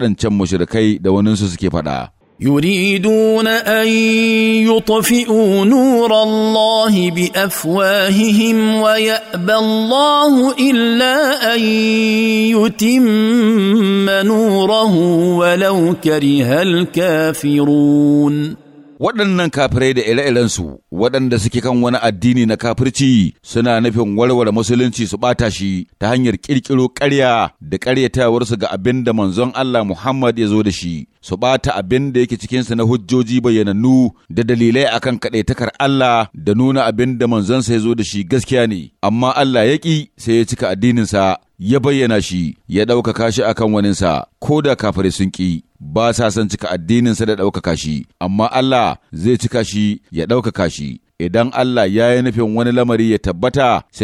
waɗancan mushrikai da waninsu suke faɗa. يريدون أن يطفئوا نور الله بأفواههم ويأبى الله إلا أن يتم نوره ولو كره الكافرون waɗannan kafirai da ire-irensu waɗanda suke kan wani addini na kafirci suna nufin warware musulunci su ɓata shi ta hanyar ƙirƙiro ƙarya da ƙaryatawarsu ga abin da manzon Allah Muhammad ya zo da shi su ɓata abin da yake cikinsa na hujjoji bayyanannu da dalilai akan kaɗaitakar Allah da nuna abin da manzonsa ya zo da shi gaskiya ne amma Allah ya ƙi sai ya cika addininsa ya bayyana shi ya ɗaukaka shi akan waninsa ko da kafirai sun ƙi ba sa son cika addininsa da ɗaukaka shi, amma Allah zai cika shi ya ɗaukaka shi, idan Allah ya yi nufin wani lamari ya tabbata sai